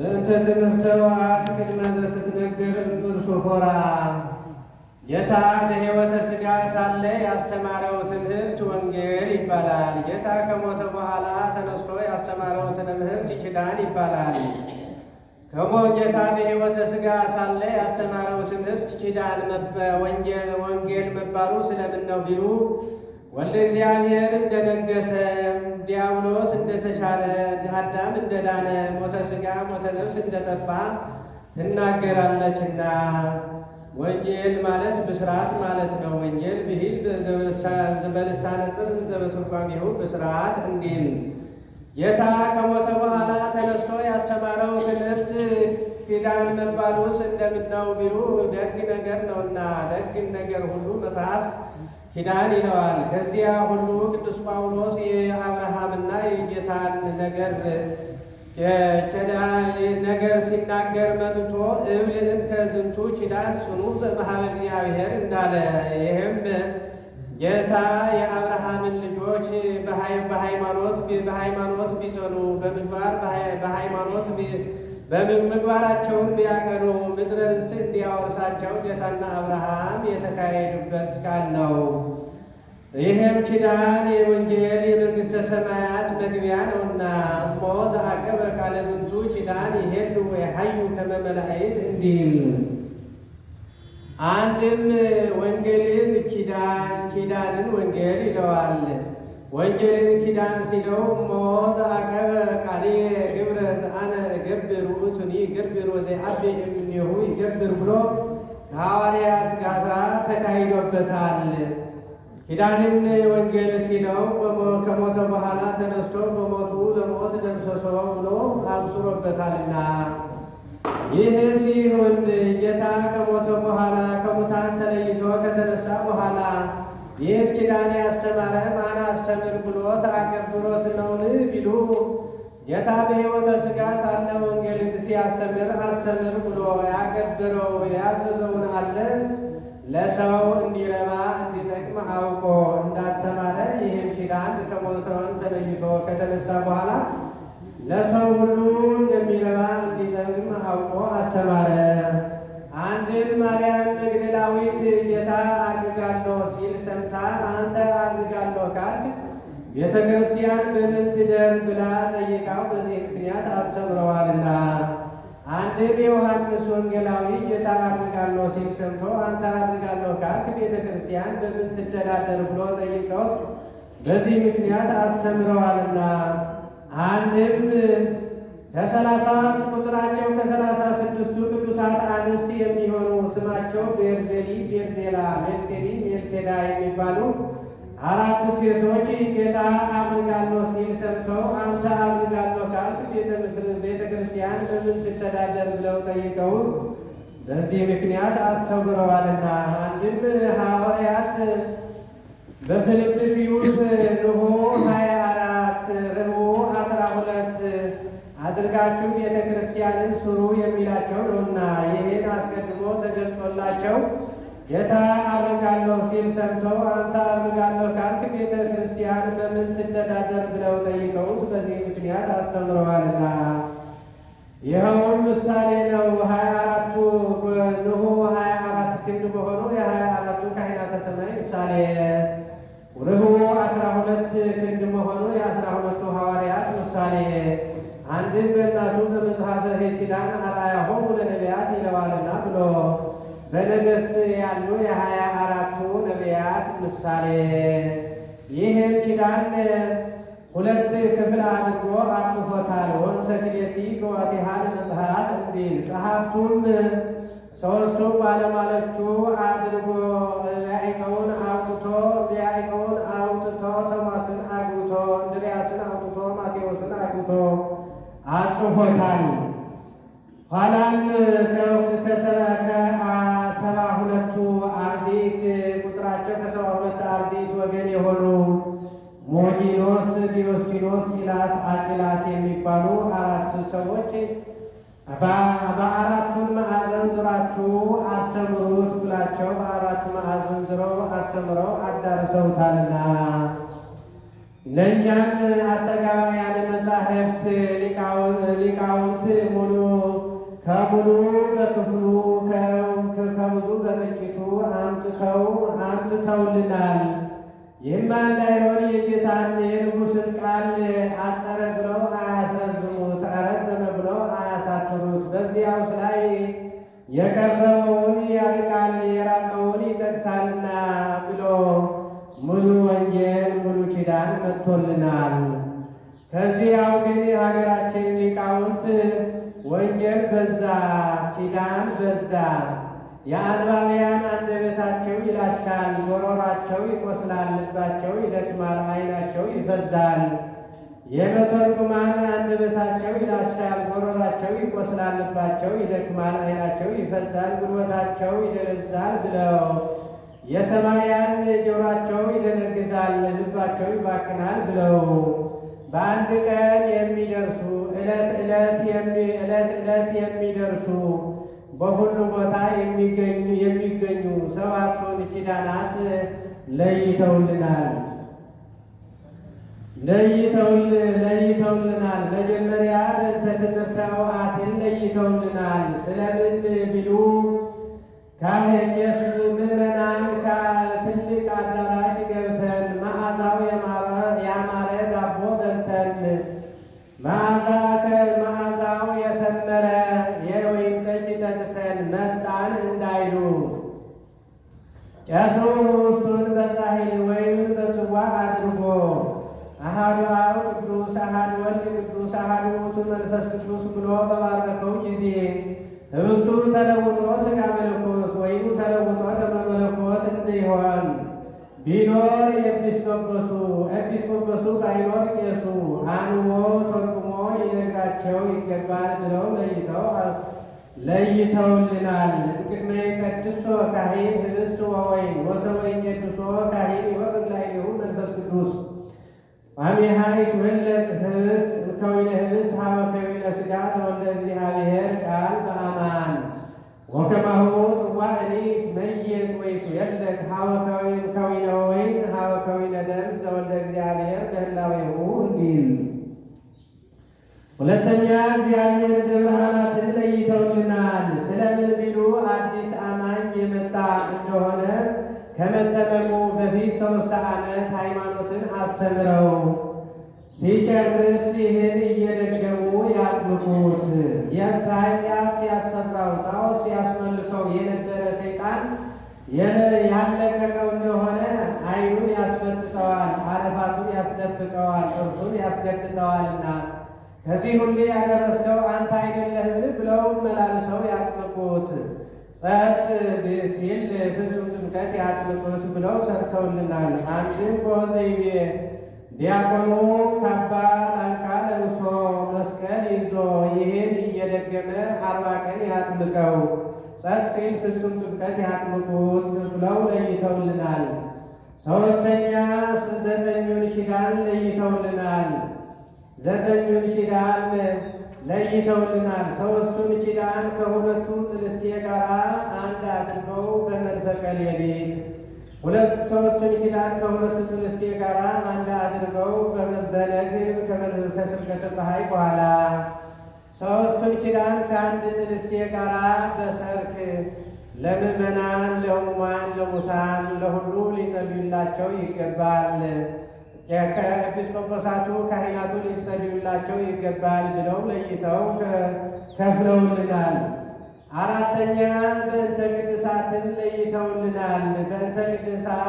በእንተ ትምህርተ ውአት ቅድመ ዘትትነገር እምቅዱስ ሶፎራ ጌታ በሕይወተ ሥጋ ሳለ ያስተማረው ትምህርት ወንጌል ይባላል። ጌታ ከሞተ በኋላ ተነስቶ ያስተማረው ትምህርት ኪዳን ይባላል። ከሞት ጌታ በሕይወተ ሥጋ ሳለ ያስተማረው ትምህርት ኪዳን ወንጌል ወንጌል መባሉ ስለምን ነው ቢሉ ወልደ እግዚአብሔር እንደነገሰ ዲያብሎስ እንደተሻለ አዳም እንደዳነ ሞተ ስጋ ሞተ ነብስ እንደጠፋ ትናገራለችና። ወንጌል ማለት ብስራት ማለት ነው። ወንጌል ብሂል በልሳነ ጽድቅ ዘበትርጓሜሁ ብስራት እንዲል ጌታ ከሞተ በኋላ ተነስቶ ያስተማረው ትምህርት ኪዳን መባሉስ እንደምናውቢሉ ደግ ነገር ነውና ደግን ነገር ሁሉ መጽሐፍ ኪዳን ይለዋል። ከዚያ ሁሉ ቅዱስ ጳውሎስ የአብርሃምና የጌታን ነገር ነገር ሲናገር መጥቶ እብል እንተ ዝንቱ ኪዳን ጽኑ በማኅበረ እግዚአብሔር እንዳለ ይህም ጌታ የአብርሃምን ልጆች በሃይማኖት በሃይማኖት ቢጸኑ በምግባር በሃይማኖት በምግባራቸውም ቢያቀኑ ምድረ እንዲያወርሳቸው ጌታና አብርሃም የተካሄዱበት ቃል ነው። ይህም ኪዳን የወንጌል የመንግሥተ ሰማያት መግቢያ ነውና ሞት አቀበ ቃለ ዝንቱ ኪዳን ይሄዱ የሀዩ ከመ እንዲል አንድም ወንጌልን ኪዳን ኪዳንን ወንጌል ይለዋል። ወንጌልን ኪዳን ሲለው ሞት ይገብር አቤ እምኔሁ ይገብር ብሎ ከሐዋርያት ጋር ተካሂዶበታል። ኪዳንን ወንጌል ሲለው ከሞተ በኋላ ተነስቶ በሞቱ ለሞት ደምሰሶ ብሎ አብስሮበታልና ይህ ሲሆን ጌታ ከሞተ በኋላ ከሙታን ተለይቶ ከተነሳ በኋላ ይህ ኪዳን ያስተማረ ማን አስተምር ብሎ ተአገብሮት ነውን ቢሉ ጌታ በሕይወተ ሥጋ ሳለ ወንጌልን ሲያስተምር አስተምር ብሎ ያገብረው ያዘዘውን አለ ለሰው እንዲረባ እንዲጠቅም አውቆ እንዳስተማረ ይህን ኪዳን ከሞተውን ተለይቶ ከተነሳ በኋላ ለሰው ሁሉ እንደሚረባ እንዲጠቅም አውቆ አስተማረ። አንድም ማርያም ቤተ ክርስቲያን በምን ትደር ብላ ጠይቃው በዚህ ምክንያት አስተምረዋልና። አንድም የዮሐንስ ወንጌላዊ ጌታ አድርጋለሁ ሲል ሰምቶ አንተ አድርጋለሁ ካልክ ቤተ ክርስቲያን በምን ብሎ ጠይቀውት በዚህ ምክንያት አስተምረዋልና። አንድም ከሰላሳ ቁጥራቸው ከሰላሳ ስድስቱ ቅዱሳት አንስት የሚሆኑ ስማቸው ቤርዜሊ፣ ቤርዜላ፣ ሜልቴሊ፣ ሜልቴዳ የሚባሉ አራቱ ሴቶች ጌታ አድርጋለሁ ሲል ሰምተው አንተ አድርጋለሁ ካልክ ቤተ ክርስቲያን በምን ትተዳደር ብለው ጠይቀው በዚህ ምክንያት አስተምረዋልና አንድም ሐዋርያት በፊልጵስዩስ ንሆ ሀያ አራት ርኅቦ አስራ ሁለት አድርጋችሁ ጌታ አደርጋለሁ ሲል ሰምቶ አንተ አደርጋለሁ ካልክ ቤተ ክርስቲያን በምን ትተዳደር ብለው ጠይቀውት በዚህ ምክንያት አስተምረዋልና ይኸውም ምሳሌ ነው። ሀያ አራቱ ንሁ ሀያ አራት ክንድ በሆኑ የሀያ አራቱ ካህናተ ሰማይ ምሳሌ ርኅዎ አስራ ሁለት ክንድ መሆኑ የአስራ ሁለቱ ሐዋርያት ምሳሌ አንድም በእናቱ በመጽሐፈ ኪዳን አርአያሆሙ ለነቢያት ይለዋልና ብሎ በነገሥት ያሉ የሀያ አራቱ ነቢያት ምሳሌ። ይህም ኪዳን ሁለት ክፍል አድርጎ አጥፎታል። ወንተ ክልኤቲ በዋቲሃን መጽሐፍ እንዲል ጸሐፍቱም ሦስቱ ባለሟሎቹ አድርጎ ኢያኢቀውን አውጥቶ ኢያኢቀውን አውጥቶ ቶማስን አግብቶ እንድርያስን አውጥቶ ማቴዎስን አግብቶ አጽፎታል። ኋላም ከሰረከ ሞዲኖስ፣ ዲዮስኪኖስ፣ ሲላስ፣ አቂላስ የሚባሉ አራት ሰዎች በአራቱን ማዕዘን ዙራችሁ አስተምሩት ብላቸው በአራት ማዕዘን ዙረው አስተምረው አዳርሰውታልና ለእኛም አስተጋባያን መጻሕፍት ሊቃውንት ሙሉ ከሙሉ በክፍሉ ከብዙ በጥቂቱ አምጥተው አምጥተውልናል። ይህም እንዳይሆን የጌታን የንጉሥን ቃል አጠረ ብለው አያስረዝሙት፣ አረዘመ ብለው አያሳትሩት። በዚያውስ ላይ የቀረበውን ያርቃል የራቀውን ይጠቅሳልና ብሎ ሙሉ ወንጌል ሙሉ ኪዳን መጥቶልናል። ከዚያው ግን የሀገራችን ሊቃውንት ወንጌል በዛ ኪዳን በዛ የአንባቢያን አንደበታቸው ይላሻል፣ ጎሮሯቸው ይቆስላል፣ ልባቸው ይደክማል፣ ዓይናቸው ይፈዛል። የመተርጉማን አንደበታቸው ይላሻል፣ ጎሮሯቸው ይቆስላል፣ ልባቸው ይደክማል፣ ዓይናቸው ይፈዛል፣ ጉልበታቸው ይደነዛል ብለው የሰማያን ጆሯቸው ይደነግዛል፣ ልባቸው ይባክናል ብለው በአንድ ቀን የሚደርሱ ዕለት ዕለት ዕለት ዕለት የሚደርሱ በሁሉ ቦታ የሚገኙ የሚገኙ ሰባቱን ኪዳናት ለይተውልናል ለይተውል ለይተውልናል። መጀመሪያ በትምህርተ ሥርዓትን ለይተውልናል። ስለምን ቢሉ ካህን ቄስ እንዳይሉ ጨሰውን ውስጡን በሳህል ወይም በጽዋ አድርጎ አሃዱ አብ ቅዱስ አሃዱ ወልድ ቅዱስ አሃዱ ውእቱ መንፈስ ቅዱስ ብሎ በባረከው ጊዜ ህብስቱ ተለውጦ ስጋ መለኮት ወይም ተለውጦ ደመ መለኮት እንዲሆን ቢኖር ኤጲስቆጶሱ ኤጲስቆጶሱ ባይኖር ቄሱ አንቦ ተርጉሞ ይነግራቸው ይገባል ብለው ለይተው ለይተውልናል። እምቅድመ ይቀድሶ ካህን ህብስት ወወይን ወሰወ ይቀድሶ ካህን ይወርድ ላይ መንፈስ ቅዱስ አሜሃ ይትወለድ ህብስት እምከዊነ ህብስት ሀበ ከዊነ ስጋ ተወልደ እግዚአብሔር ቃል በአማን ወከማሁ ጽዋ እሊት መይት ወይትወለድ ሀበ ከዊነ ወይን ሀበ ከዊነ ደም ዘወልደ እግዚአብሔር በህላዌሁ እንዲል ሁለተኛ እግዚአብሔር ዘብርሃ ከመጠመቁ በፊት ሶስት ዓመት ሃይማኖትን አስተምረው ሲጨርስ ይህን እየደገሙ ያጥምቁት። የኃጢአት ሲያሰራው ጣዖት ሲያስመልከው የነበረ ሰይጣን ያለቀቀው እንደሆነ ዓይኑን ያስፈጥጠዋል፣ አረፋቱን ያስደፍቀዋል፣ ጥርሱን ያስገጥጠዋልና ከዚህ ሁሉ ያደረስከው አንተ አይደለህም ብለው መላልሰው ያጥምቁት። ጸጥ ሲል ፍጹም ጥምቀት ያጥምቁት ብለው ሰርተውልናል። አንድ በዘይቤ ዲያቆኑ ካባ ላንቃ ለብሶ መስቀል ይዞ ይህን እየደገመ አርባ ቀን ያጥምቀው፣ ጸጥ ሲል ፍጹም ጥምቀት ያጥምቁት ብለው ለይተውልናል። ሶስተኛ ዘጠኙን ኪዳን ለይተውልናል። ዘጠኙን ኪዳን ለይተውልናል። ሦስቱን ኪዳን ከሁለቱ ጥልስቴ ጋር አንድ አድርገው በመንፈቀ የቤት ሁለት ሦስቱን ኪዳን ከሁለቱ ጥልስቴ ጋር አንድ አድርገው በነግብ ከስርገተ ፀሐይ በኋላ ሦስቱን ኪዳን ከአንድ ጥልስቴ ጋር በሰርክ ለምእመናን ለሕሙማን፣ ለሙታን ለሁሉ ሊጸልዩላቸው ይገባል። ኤጲስቆጶሳቱ ካህናቱ ሊሰልዩላቸው ይገባል ብለው ለይተው ከፍለውልናል። አራተኛ በእንተ ቅድሳትን ለይተውልናል። በእንተ ቅድሳት